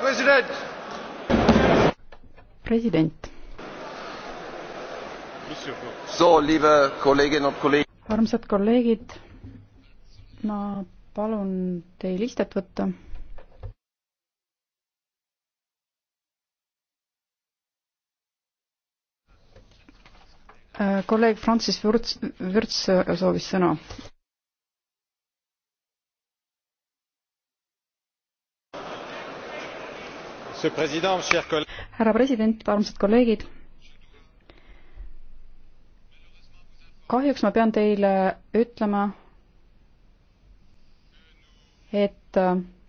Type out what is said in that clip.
president. president. armsad kolleegid, ma palun teil istet võtta. kolleeg Francis Vürts, Vürts soovis sõna. härra president, armsad kolleegid. kahjuks ma pean teile ütlema, et äh,